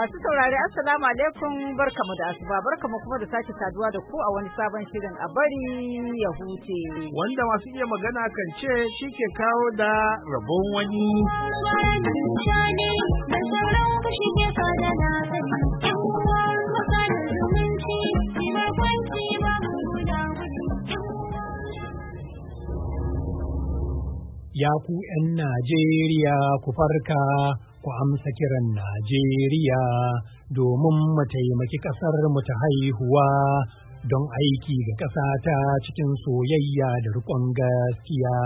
Masu saurari Assalamu alaikum barkamu da asuba barkamu kuma da sake saduwa da ku a wani sabon shirin a bari ya huce. Wanda masu iya magana kan ce shi ke kawo da rabon wani. Ya ku ‘yan Najeriya ku farka’ ku amsa kiran Najeriya domin mu taimaki ƙasar mu ta haihuwa don aiki ga ƙasa ta cikin soyayya da riƙon gaskiya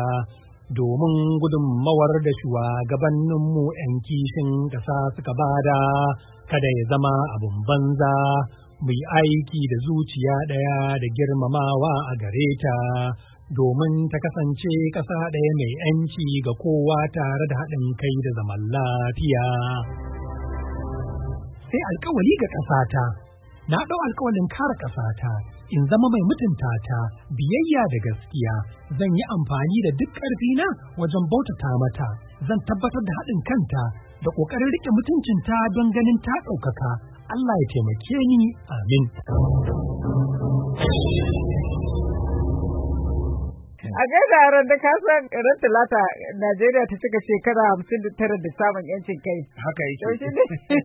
domin gudunmawar da shugabanninmu 'yan kishin ƙasa suka bada kada ya zama abun banza mu aiki da zuciya ɗaya da girmamawa a gareta. ta. domin ta kasance ƙasa ɗaya mai ‘yanci ga kowa tare da haɗin kai da zaman lafiya. Sai alkawari ga ƙasata, na ɗau alkawalin kare ƙasata, in zama mai mutunta ta, biyayya da gaskiya, zan yi amfani da duk ƙarfina wajen bautata mata, zan tabbatar da haɗin kanta da ƙoƙarin riƙe mutuncinta don ganin ta ɗaukaka. Allah ya taimake ni, amin. A gaida ran da san ran talata Najeriya ta cika shekara hamsin da tara da samun yancin kai. Haka yake.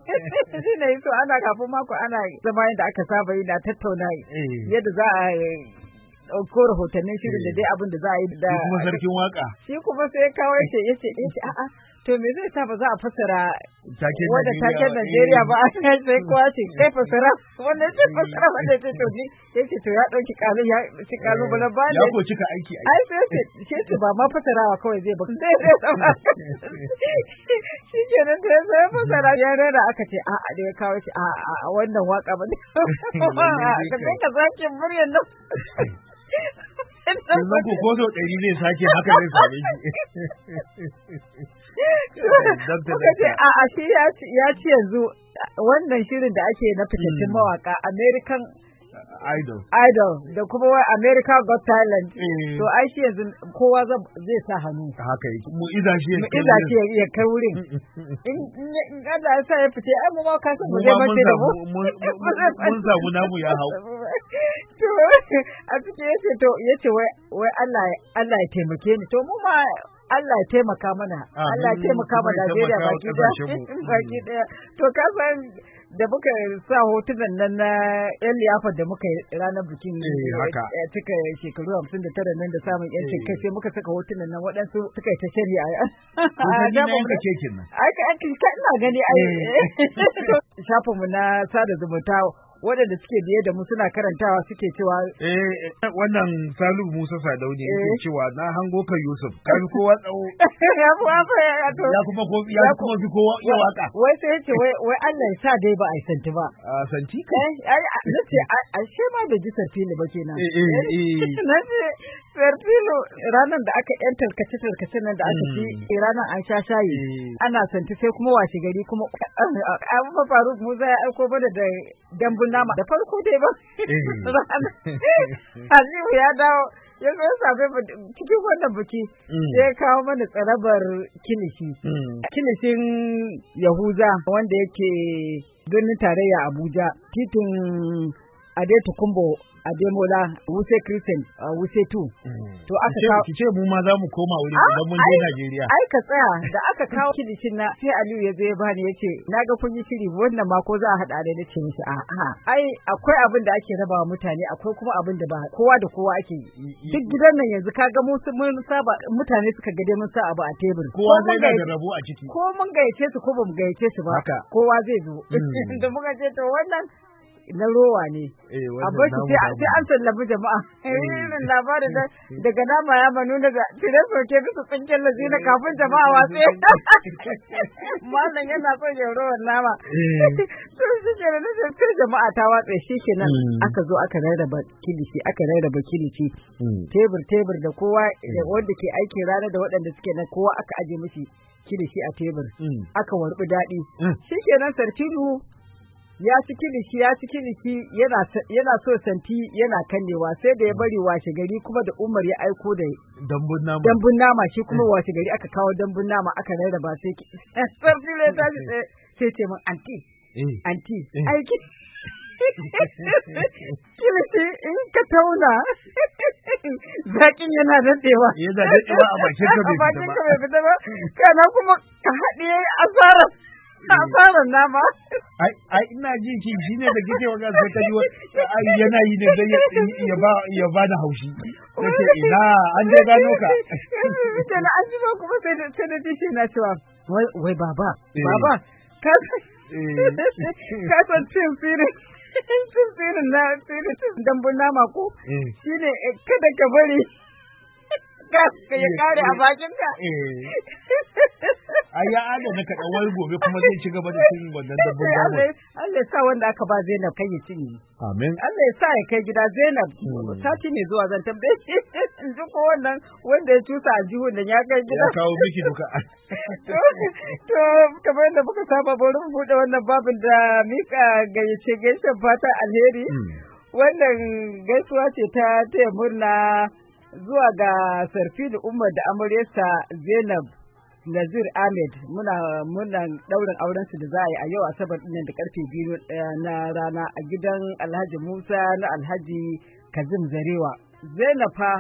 Shi ne so ana kafin mako ana zama yadda aka saba yi na tattauna eh. yadda za a ko rahotannin shirin da eh. dai abin da za a yi da. Kuma sarkin waka. Shi kuma sai kawai ce ya ce a'a. To me zai sa ba za a fassara wanda taken Najeriya ba eh. a sai kowa ce kai fassara wanda ce eh. fassara wanda ce to ni ya ce to ya ɗauki kalu ya ci kalu bala ba ne. Ya ko cika aiki aiki. Ai sai ce ce ce ba ma fassarawa kawai zai ba zai zai sama. Shi ke nan sai sai fassara ya rera aka ce a a da kawo shi a a wannan waka ba ne. Ka sai ka sake muryar nan. Sannan ko sau ɗari zai sake haka zai same shi. Kuka ce a ashe ya ci yanzu wannan shirin da ake na fitattun mm. mawaka American idol idol da kuma wai america got talent eh. to ai shi yanzu kowa zai sa hannu haka yake mu iza shi mu iza shi ya kai wurin mm, mm, mm, in Allah ya sa ya fice ai mu ma ka san mu zai mace da mu mun samu namu ya hau to a fice ya ce to yace wai wai Allah Allah ya taimake ni to mu ma Allah ya taimaka mana Allah ya taimaka mana Najeriya baki daya baki daya to ka san da muka sa hotunan nan na yan liyafar da muka ranar bikin eh, eh, cika shekaru hamsin da tara nan da samun yancin kai eh. sai muka saka hotunan nan waɗansu suka yi ta shari'a a shafin da kekin nan ina gani ai shafinmu na sada zumunta waɗanda suke biye da mu suna karantawa suke cewa eh, eh wannan Salu Musa Sadau ne yake eh. cewa na hango ka Yusuf ka kowa tsawo ya kuma ko ya kuma ko ya kuma fi ko ya waka wai sai yace wai wai Allah ya sa dai ba a santi ba a santi kai. eh ai nace ashe ma bai ji santi ne ba kenan eh eh, eh. Fertilo ranar da aka yan tarkace tarkace nan da aka ci mm. ranar an sha shayi eh. ana santi sai kuma washe gari kuma eh, an ba faru musa ya aiko bada da dambun nama da farko dai ba eh. Azimu ya dawo ya zo sabe cikin wannan buki. Mm. sai ya kawo mana tsarabar kinishi. Mm. Kinishin Yahuza wanda yake birnin tarayya Abuja titin Adetukumbo mola Wuse Christian uh, Wuse tu mm. To aka kawo Ki ce mu ma za mu koma wuri ah, idan mun je Najeriya. Ai ka tsaya da aka kawo kilishin na sai Aliyu ya zo ya bani yace na ga kun yi shiri wannan ma ko za a hada da nace mishi a a ai akwai abin da ake rabawa mutane akwai kuma abin da ba kowa da kowa ake duk gidan nan yanzu kaga mu mun saba mutane suka gade mun sa abu a tebur. Kowa zai ga da rabo a ciki. Ko mun gayyace su ko ba mu gayyace su ba. Kowa zai zo. Mm. Da muka ce to wannan na rowa ne eh, a bashi sai an tallafi jama'a irin eh. eh, labarin daga nama ya ma nuna da tirar sauke bisa tsinken lazina kafin jama'a watsi malam yana son ya rowan nama sun su ke da sai jama'a ta watsa shi kenan hmm. aka zo aka rarraba kilishi aka rarraba kilishi hmm. tebur tebur da kowa hmm. wanda ke aiki rana da waɗanda suke nan, kowa aka aje mishi kilishi a tebur aka warbi daɗi shi kenan sarkiru ya ci kilishi ya ci kilishi yana so santi yana kannewa sai da ya bari washe gari kuma da umar ya aiko da dambun nama dambun nama shi kuma eh. washe gari aka kawo dambun nama aka raira ba sai ki ne ta eh. sai ce min anti eh. anti aiki kilishi in ka tauna zakin yana daɗewa yana daɗewa a bakin ka bai fita ba kana kuma ka haɗe asara asarar nama. Ai, ai ina ji ki shi ne da kike wannan sai ka ji yana yi ne zai ya ba ya ba da haushi. Kace ina an je gano ka. Kana an ji ba kuma sai da sai da shi na cewa wai wai baba eh. baba ka eh. ka san cin firin cin firin na firin dambun nama ko eh. shine kada ka bari gas ka ya eh, kare a eh, bakin ka eh. ai ya adana ka dan wai gobe kuma zai ci gaba da cin wannan dabbun dabbun Allah ya sa wanda aka ba Zainab kai ya cinye amin Allah ya sa ya kai gida Zainab hmm. sati ne zuwa zan tambaye shi in ko wannan wanda ya cusa a jihun da ya kai gida ya kawo miki duka to kamar yadda muka saba bari mu bude wannan babin da mika gayyace gaishen fata alheri hmm. wannan gaisuwa ce ta taya murna zuwa ga sarfin umar da amuresa zainab nazir ahmed muna muna daurin auren su da za a yi a yau asabar dinnan da karfe biyu na rana a gidan alhaji musa na alhaji kazim zarewa zainab fa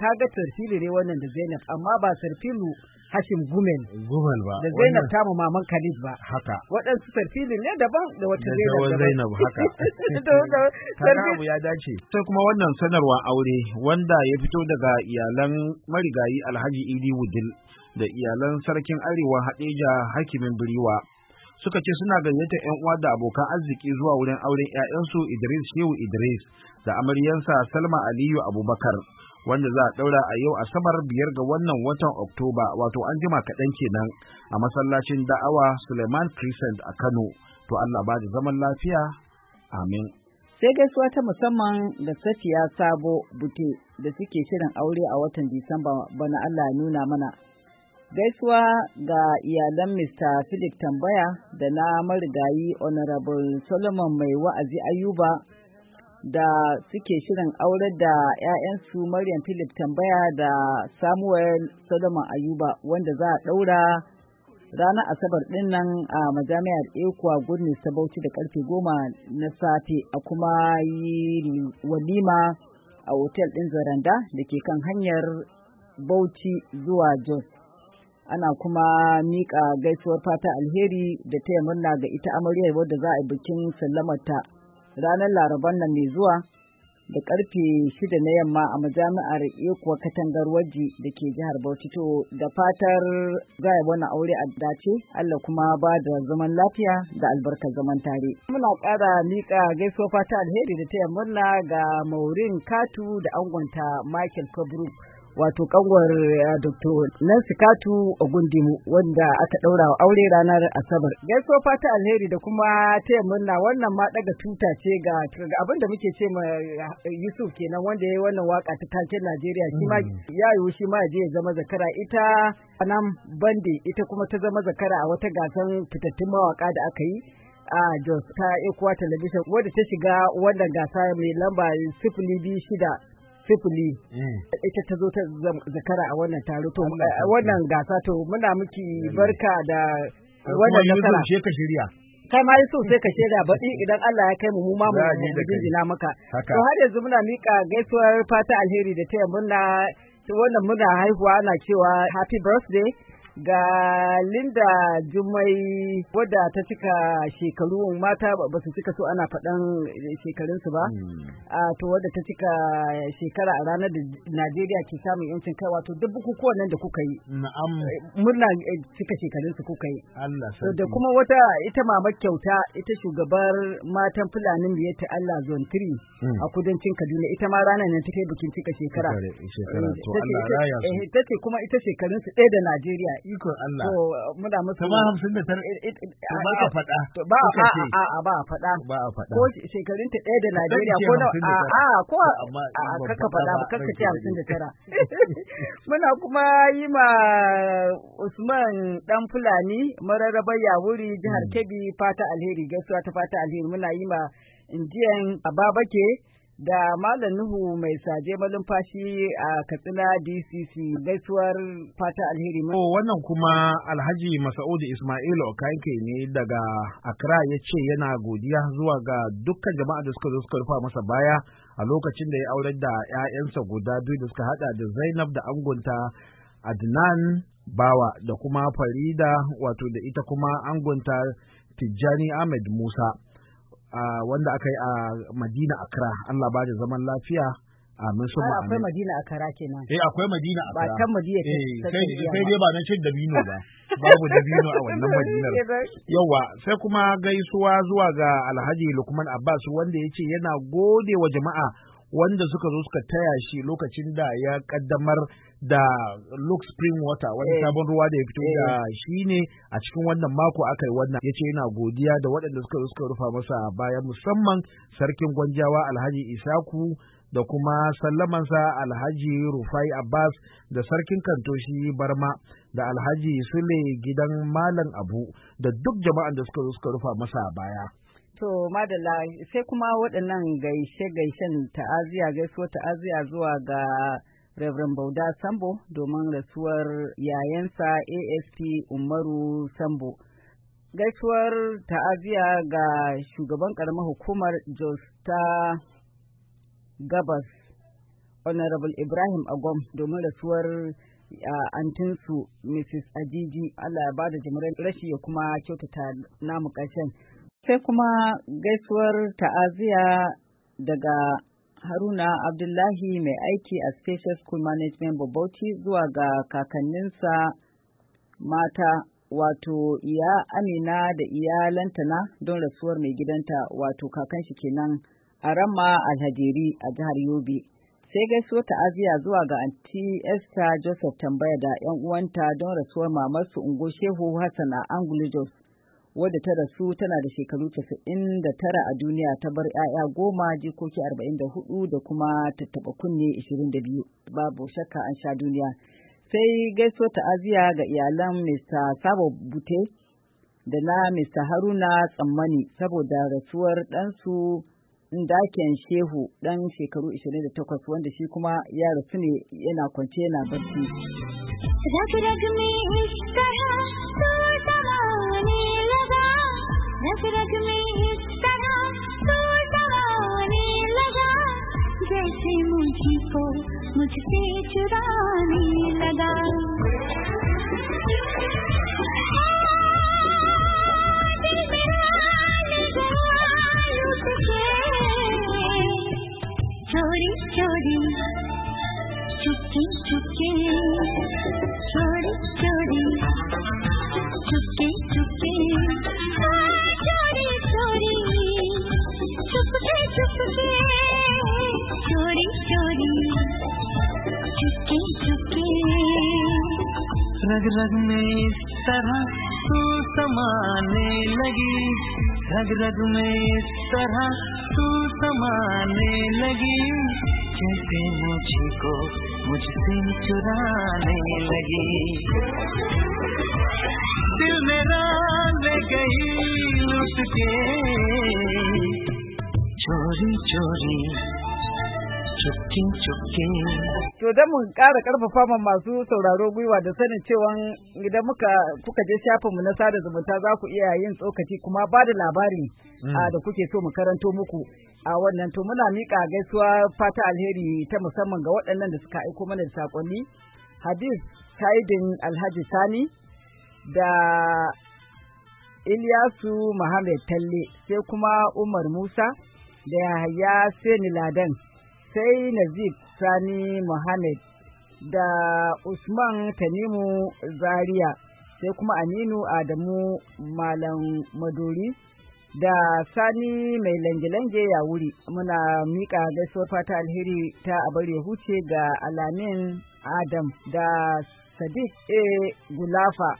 ka ga sarfilu ne wannan da zainab amma ba sarfilu Hashim Gumen. Gumen ba. Da Zainab tamu maman Khalid ba. Haka. Waɗansu sarfilin ne daban da wata Zainab. Da Zainab haka. Kanabu ya dace. Sai kuma wannan sanarwa aure wanda ya fito daga iyalan marigayi Alhaji Idi Wudil da iyalan sarkin Arewa haɗeja Hakimin Biriwa. Suka ce suna gayyata 'yan uwa da abokan arziki zuwa wurin auren 'ya'yansu Idris Shehu Idris da amaryansa Salma Aliyu Abubakar. wanda za a ɗaura a yau asabar biyar ga wannan watan oktoba wato an jima kaɗan kenan a masallacin da'awa suleiman crescent a kano to allah ba da zaman lafiya amin sai gaisuwa ta musamman da safiya sabo bute da suke shirin aure a watan disamba bana allah nuna mana gaisuwa ga iyalan Mr. Philip Tambaya da na marigayi Honorable Solomon mai wa'azi Ayuba da suke shirin aurar da 'ya'yansu Maryam Philip tambaya da Samuel Solomon Ayuba wanda za a ɗaura ranar Asabar ɗin nan a majami'ar Ekuwa Goodness ta Bauchi da karfe goma na safe a kuma yi walima a otel ɗin Zaranda da ke kan hanyar Bauchi zuwa Jos. Ana kuma miƙa gaisuwar fata alheri da taya murna ga ita amaryar wadda za a yi bikin sallamarta. ranar laraban nan mai zuwa da karfe shida na yamma a majami'ar ikuwa katangar waje da ke jihar bauchi to da fatar za a wani aure a dace allah kuma ba da zaman lafiya da albarkar zaman tare muna ƙara miƙa gaisuwa fata alheri da ta taya murna ga maurin katu da angonta michael kubrick wato kanwar eh, Dr. Nancy Katu Ogundimu wanda aka daura wa aure ranar Asabar. Gaisuwa fata alheri da kuma taya murna wannan ma daga tuta ce ga abin da muke ce ma eh, Yusuf kenan wanda ya yi wannan waka ta taken Najeriya shi ma mm. ya yiwu shi ma je ya zama zakara ita nan bande ita kuma ta zama zakara a wata gasan fitattun mawaka da aka yi. a Jos ta ikuwa Television wadda ta shiga wannan gasa mai lamba sifili biyu shida sifili mm. ita ta zo ta zakara a wannan taro to wannan gasa to muna miki barka da wannan nasara ka shirya kai ma so sai ka shirya baɗi idan Allah ya kai mu mu ma mu jinjina maka to har yanzu muna mika gaisuwar fata alheri da taya muna wannan muna haihuwa ana cewa happy birthday ga Linda Jumai wadda ta cika shekaru mata ba su cika so ana faɗan shekarunsu ba. Hmm. A ah, to wadda ta cika shekara a ranar da Najeriya ke samun yancin kai wato duk bukukuwan nan da kuka yi. Na'am. Eh, murna eh, cika shekarunsu kuka yi. Allah sarki. Da kuma wata ita mama kyauta ita shugabar matan Fulani ta Allah Zone 3 hmm. a kudancin Kaduna ita ma ranar nan ta kai bikin cika shekara. Shekara eh, to Allah raya su. Ta ce kuma ita shekarunsu ɗaya da Najeriya Ikon Allah. To muna musu. Sama hamsin da tara. Eh, eh, eh, ba a faɗa. Ba a a ba a faɗa. Ba a faɗa. Ko shekarun ta ɗaya da Najeriya ko na a a ko a kaka faɗa ba kaka ce hamsin da tara. Muna kuma yi ma Usman ɗan Fulani mararrabar Yawuri jihar hmm. Kebbi fata alheri gaisuwa ta fata alheri muna yi ma Indiyan Ababake. da Malam Nuhu mai saje malumfashi a Katsina DCC gaisuwar fata alheri. To wannan kuma Alhaji Masa'udu Ismail Okanke ne daga Accra ya ce yana godiya zuwa ga dukkan jama'a da suka zo suka rufa masa baya a lokacin da ya aurar da 'ya'yansa guda biyu da suka hada da Zainab da angonta Adnan Bawa da kuma Farida wato da ita kuma angonta Tijjani Ahmed Musa. wanda aka yi a Madina Akra Allah ba da zaman lafiya amin su ma'amin. Akwai Madina Akra kenan. Eh akwai Madina Akra. Ba kan Madina ke. Eh sai dai ba na cin dabino ba. Babu dabino a wannan Madinar. Yawwa, sai kuma gaisuwa zuwa ga Alhaji Lukman Abbas wanda ya ce yana gode wa jama'a wanda suka zo suka taya shi lokacin da ya kaddamar da look Spring Water wani eh. sabon ruwa da ya fito da eh. shi ne a cikin wannan mako aka yi wannan ya ce yana godiya da waɗanda suka zo suka rufa masa baya musamman sarkin gwanjawa Alhaji Isaku da kuma sallamansa Alhaji Rufai Abbas da sarkin kantoshi Barma da Alhaji Sule gidan Malam Abu da duk jama'an da suka zo suka rufa masa a baya. To madalla sai kuma waɗannan gaishe-gaishen ta'aziyya gaisuwar ta'aziyya zuwa ga Reverend Bauda Sambo domin rasuwar yayansa ASP Umaru Sambo. Gaisuwar ta'aziyya ga shugaban ƙaramar hukumar Josta ta Gabas, Honorable Ibrahim Agom domin rasuwar a antinsu Mrs. Ajiji Allah ya bada jimirar rashi ya kuma kyautata namu ƙarshen. sai kuma gaisuwar ta'aziya daga Haruna Abdullahi mai aiki a Special School Management Bobauti zuwa ga kakanninsa mata wato iya amina da lantana don rasuwar mai gidanta wato kakan shi kenan a rama alhajeri a jihar Yobe. Sai gaisuwar ta'aziya zuwa ga anti Esther Joseph tambaya da 'yan uwanta don rasuwar mamarsu Ungo Shehu Hassan a Anglo Jos. wadda ta rasu tana da shekaru 99 a duniya ta bar 'ya'ya goma jikoki 44 da kuma tattaɓa kunne 22 babu shakka an sha duniya sai gaisuwar ta'aziya ga iyalan mr sabo bute da na mr haruna tsammani saboda rasuwar ɗansu daken shehu ɗan shekaru 28 wanda shi kuma ya rasu ne yana kwance yana barci. रग रग में इस तरह दौड़ाने लगा जैसे मुझको मुझसे चुराने लगा चोरी चोरी चुपके चुपके रग में इस तरह तू समाने लगी रग रग में इस तरह तू समाने लगी कैसे मुझे को मुझसे चुराने लगी दिल मेरा ले गई लुट के चोरी चोरी cikin cikin. To da mun ƙara ƙarfafa ma masu sauraro gwiwa da sanin cewa idan muka kuka je mu na sada zumunta za ku iya yin tsokaci kuma ba da labari mm. da kuke so mu karanto muku a wannan to muna miƙa gaisuwa fata alheri ta musamman ga waɗannan da suka aiko mana da saƙonni. Hadis Taidin Alhaji Sani da Ilyasu Muhammad Talle sai kuma Umar Musa da Yahaya Seni Ladan. sai Nazib Sani Mohammed da Usman Tanimu Zaria sai kuma Aminu Adamu Malam Maduri da Sani mai lange-lange ya wuri muna miƙa gaisuwar fata alheri ta abar ya huce ga Alamin Adam da Sadiq A. Gulafa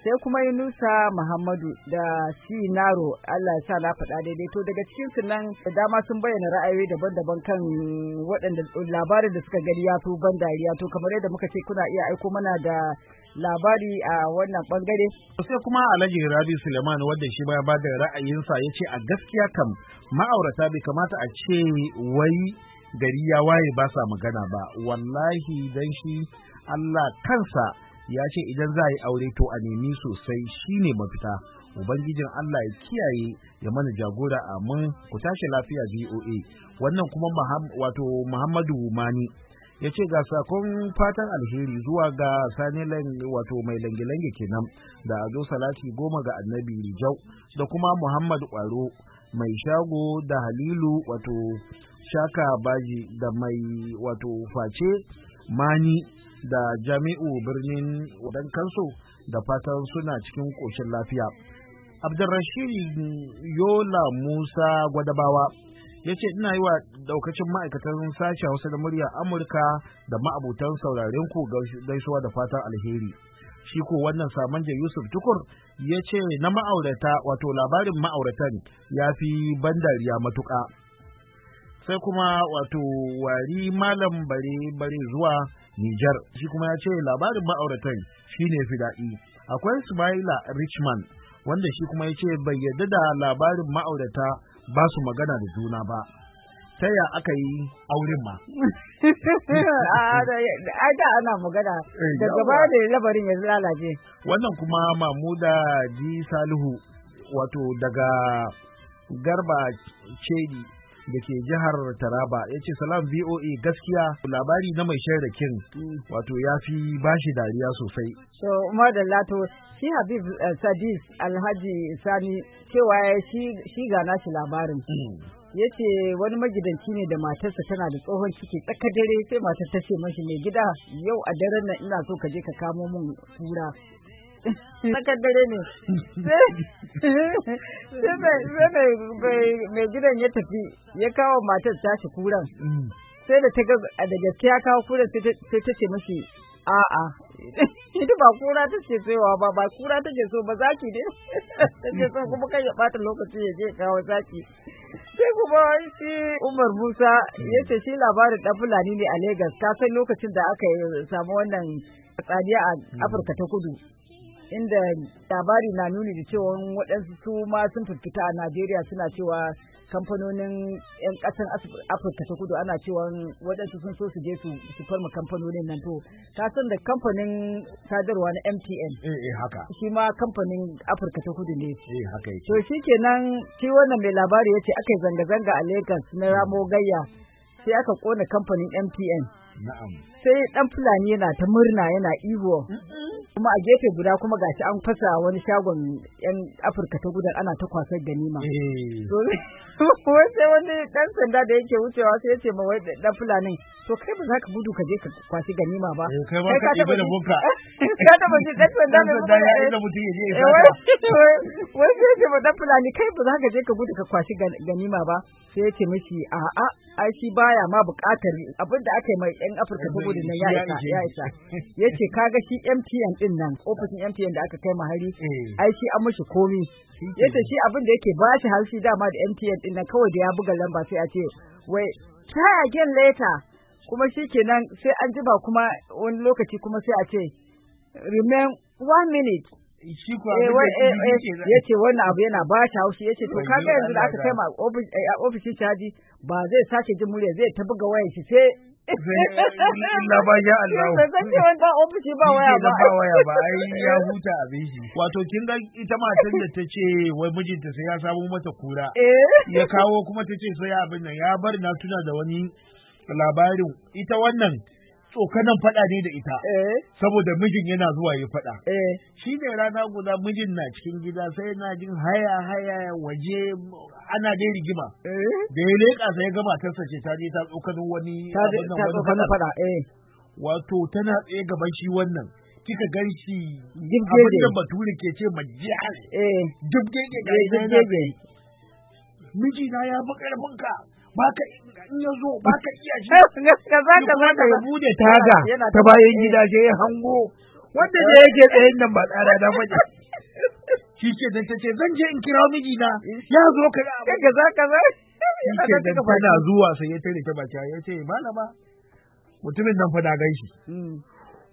sai kuma Yunusa Muhammadu da Sinaro Allah ya sa na faɗa daidai to daga cikin su nan da dama sun bayyana ra'ayoyi daban-daban kan waɗanda labarin da suka gani ya fi ban dariya to kamar yadda muka ce kuna iya aiko mana da labari a wannan bangare. Sai kuma Alhaji Rabi Suleiman wanda shi ma ya bada ra'ayinsa ya ce a gaskiya kam ma'aurata bai kamata a ce wai gari ya waye ba sa magana ba wallahi dan shi Allah kansa ya ce idan za a yi aure to a nemi sosai shine mafita ubangijin Allah ya kiyaye ya mana jagora mun ku tashi lafiya VOA wannan kuma wato Muhammadu Mani ya ce ga sakon fatan alheri zuwa ga sani wato mai lange-lange kenan da azo salati goma ga annabi Rijau da kuma muhammadu Kwaro mai shago da Halilu wato shaka baji da mai wato face mani da jami'u birnin wadan kansu da fatan suna cikin ƙoshin lafiya abdulrashid yola musa gwadabawa ya ce ina yi wa daukacin ma'aikatan sashen hausa da murya amurka da ma'abutan saurarin ku gaisuwa da fatan alheri shi ko wannan da yusuf tukur ya ce na ma'aurata wato labarin ma'auratan ya fi ban dariya matuƙa sai kuma wato wari malam bare bare zuwa Nijar shi kuma ya ce labarin ma'auratan shi ne fi daɗi akwai Sumaila Richman wanda shi kuma ya ce bai yarda da labarin ma'aurata ba su magana da juna ba ta ya aka yi auren ma ah, a da ana magana eh, da gaba da labarin ya lalace wannan kuma mamuda ji salihu wato daga garba cedi da ke jihar Taraba ya ce salam VOA gaskiya labari na mai shan rakin. kin wato ya fi bashi dariya sosai. So Umar da Lato shi Habib eh, Sadis Alhaji Sani cewa shi ga nashi labarin. Mm. ya ce wani magidanci ne da matarsa tana da tsohon ciki tsakar dare sai matar ta ce mashi mai gida yau a daren nan ina so ka je ka kamo min kura tsakar dare ne sai mai gidan ya tafi ya kawo matar tashi kuran mm. sai da ta ga da gaske ya kawo kuran sai ta ce mashi a'a ita ba kura ta ce soyawa ba ba kura ta ce so ba zaki ne ta ce so kuma kai ya bata lokaci ya je kawo zaki sai kuma shi Umar Musa ya ce shi labarin ɗan Fulani ne a Legas ka san lokacin da aka samu wannan tsadiya a Afirka ta Kudu. inda labari na nuni da cewa waɗansu su ma sun firgita a Najeriya suna cewa kamfanonin 'yan ƙasar Afirka ta kudu ana cewa waɗansu sun so su je su farma kamfanonin nan to ta san da kamfanin sadarwa na MTN eh, eh haka shi ma kamfanin Afirka ta kudu ne eh haka ke nan shi wannan mai labari yace aka yi zanga zanga a Lagos na Ramo Gayya sai aka kona kamfanin MTN sai dan fulani yana ta murna yana ihuwa kuma a gefe guda kuma gashi an fasa wani shagon yan afirka ta gudan ana ta kwasar ganima eh. wai sai wani dan sanda da yake wucewa sai ya ce ma wai dan fulanin to kai ba za ka gudu ka je ka kwasi ganima ba eh, kai ba ka ɗiba da buka ka taba ji dan sanda ne ba ya inda mutum ya je ya eh, wai sai ya ce ma dan fulani kai ba za ka je ka gudu ka kwasi ganima ba sai ya ce mishi a ai shi baya ma buƙatar abin da aka yi mai yan afirka ta gudun nan ya isa ya ce kaga shi MTN din nan ofishin MTN da aka kai mahari eh. ai shi an mashi komi yace shi abin da yake bashi harshe dama da MTN din nan kawai da ya buga lamba sai a ce wai try again later kuma shi kenan sai an ba kuma wani lokaci kuma sai a ce remain one minute shi kuwa eh, eh, ya ce wannan abu yana ba shi haushi ya ce to kaga yanzu da aka kai ma ofishin caji ba zai sake jin murya zai ta buga wayan shi sai Illa ba ya Allah. Bai san cewa ba ofishi ba waya ba. Ba waya ba, ai ya huta abin shi. Wato kin ga ita matan da ta ce wai mijinta sai ya samu mata kura. Eh. Ya kawo kuma ta ce sai abin nan ya bar na tuna da wani labarin ita wannan tsokanan faɗa ne da ita. Eh. Saboda mijin yana zuwa ya faɗa. Eh. Shi ne rana guda mijin na cikin gida sai yana jin haya haya waje ana dai rigima. Eh. Da ya leƙa sai ya gama tarsa ce ta je ta tsokanin wani. Ta faɗa. Wato tana tsaye gaban shi wannan. Kika gan shi abin da bature ke ce majiyar. Jibgege ga yana Miji na ya fi ƙarfinka. baka in ya zo baka iya shi ka za ka za ka bude taga ta bayan gida je ya hango wanda da yake tsayin nan ba tsara da faɗi shi ke dan ta ce zan je in kira miji na ya zo ka ga ka za ka za shi ke dan tana zuwa sai ya tare ta baki ya ce malama mutumin nan fa da gaishe hmm.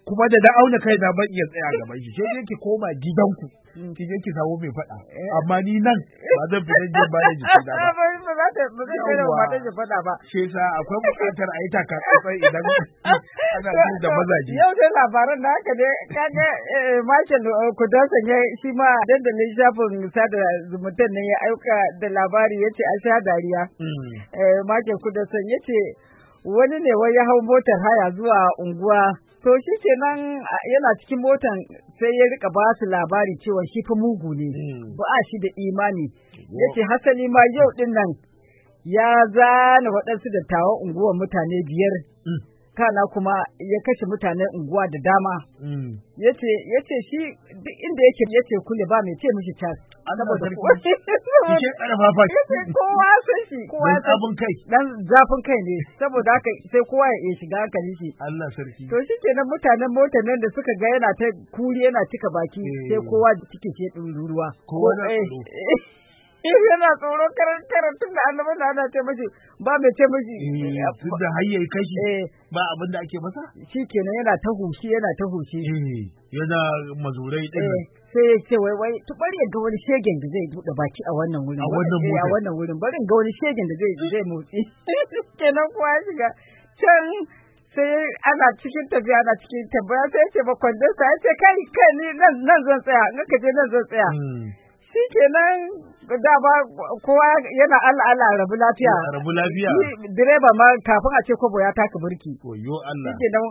kuma da da auna kai na ban iya tsaya gaban shi sai yake koma gidanku mm. ki je ki samu mai faɗa amma ni nan ba zan fita je ba ya jiki ba ba za ta ba zai kai ba ta ji faɗa ba shi sa akwai bukatar a yi takatsantsan idan ana jin da mazaje yau sai labaran da haka ne kaga eh, Michael eh, Kudansan ya shi ma dandalin shafin sada zumuntar ne ya aika da labari yace a sha dariya mm. eh, Michael Kudansan yace wani ne wai ya hau motar haya zuwa unguwa To shi kenan yana cikin motan sai ya rika ba su labari cewa shi fa mugu ne, hmm. ba a shi da imani. Yace hasali ma yau din nan ya zana waɗansu da dattawan unguwar mutane biyar. Hmm. Kana kuma ya kashe mutanen unguwa da dama. Hmm. Yace yace shi duk inda yake yace kule ba mai ce mishi cas. Annabi sarki. Shi karfafa. Kowa san shi, kowa san abun kai. Dan zafin kai ne, saboda haka sai kowa ya shiga hankali shi. Allah sarki. To shikenan mutanen motar nan da suka ga yana ta kuri yana cika baki, eh. sai kowa cikin shi ruruwa. Kowa na eh. tsoro. Eh, yana tsoro karantun da annabi da ana ce mashi ba mai ce mashi tun da hayyai kashi ba abin da ake masa shi kenan yana ta hushi yana ta hushi yana mazurai din sai ya ce wai wai to bari ga wani shegen da zai buɗe baki a wannan wurin a wannan wurin eh, a wannan wurin bari ga wani shegen da zai zai motsi kenan kuwa shiga can sai ana cikin tafiya ana cikin tambaya sai ya ce ba kwandansa ya ce kai kai ni nan nan zan tsaya in ka je nan zan tsaya hmm. shi kenan da ba kowa yana al'ala rabu lafiya rabu lafiya direba ma kafin a ce kobo ya taka burki oyo Allah shi kenan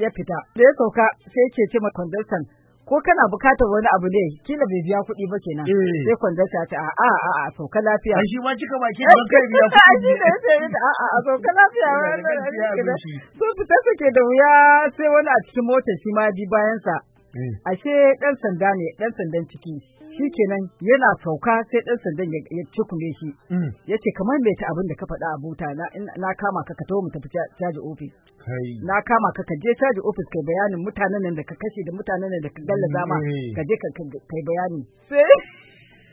ya fita da ya sauka sai ya ce ce ma kwandarsan. ko kana bukatar wani abu ne kila bai biya kuɗi ba kenan eh. sai kwandata ta a a a sauka lafiya a shi ma cika baki ban kai eh, biya kuɗi ne sai a a a sauka lafiya wannan sun fita sake da wuya sai wani a cikin mota shi ma bi bayan sa Mm. ashe ɗan sanda ne ɗan sandan ciki shi kenan yana sauka sai ɗan sandan ya cikule shi mm. ya ce kamar bai ta abin da ka faɗa a buta na kama ka ka taho mu tafi caji ofis na kama ka ka je caji ofis kai bayanin mutanen nan da ka kashe da mutanen nan da ka gallaza zama mm. ka je ka kai bayani sai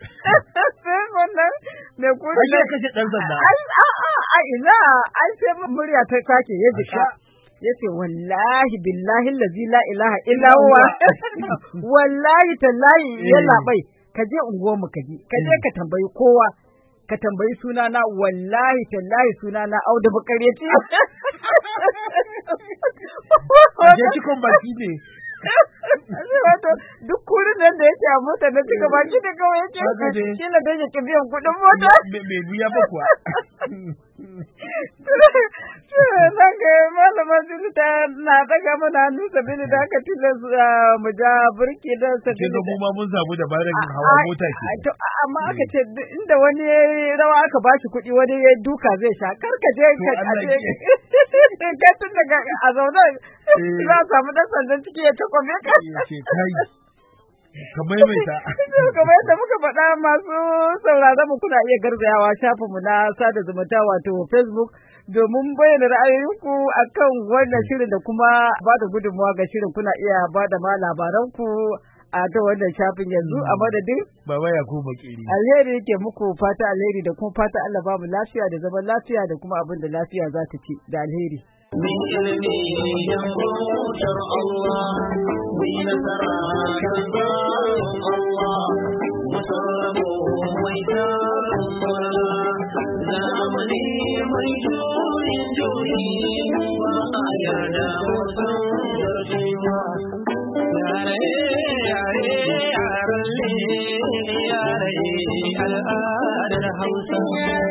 sai wannan mai kuma kashe ɗan sanda a ina an sai murya ta sake ya jika ya ce wallahi billahi lazi la ilaha illa wallahi tallahi eh. ya labai ka je unguwar mu ka je ka je ka tambayi kowa ka tambayi sunana wallahi tallahi sunana auda bakar ya ce je cikin baki ne duk kurin nan da yake a mota na cika baki da kawai yake shi na da yake biyan kuɗin mota bai biya ba kuwa nan ga malama Juli na daga mana hannu sabili da aka tilasta ah, mu ja burki da sabili. Kin kuma mun samu da barin hawa ah, ah, mota ke. Amma aka eh. ce inda wani rawa aka ba shi kuɗi wani ya duka zai sha kar ka je ka je. Ka tun daga a zauna eh. za samu dan sandan ciki ya takwame ka. ka maimaita. Kamar yadda muka faɗa masu sauraron mu kuna iya garzayawa shafinmu na sada zumunta wato Facebook domin bayyana ra'ayoyinku akan wannan shirin da kuma ba da gudunmawa ga shirin kuna iya ba da ma labaranku a ta wannan shafin yanzu a mm. madadin. Baba ya ku bakiri. Alheri yake muku fata alheri da kuma fata Allah ba mu lafiya da zaman lafiya da kuma abin da lafiya za ta ci da alheri. من ilmi yankutar Allah mai nasara kan tsarin Allah musarrabu mai tarin marana zamani mai juyin juyi ba yare al'adar hausa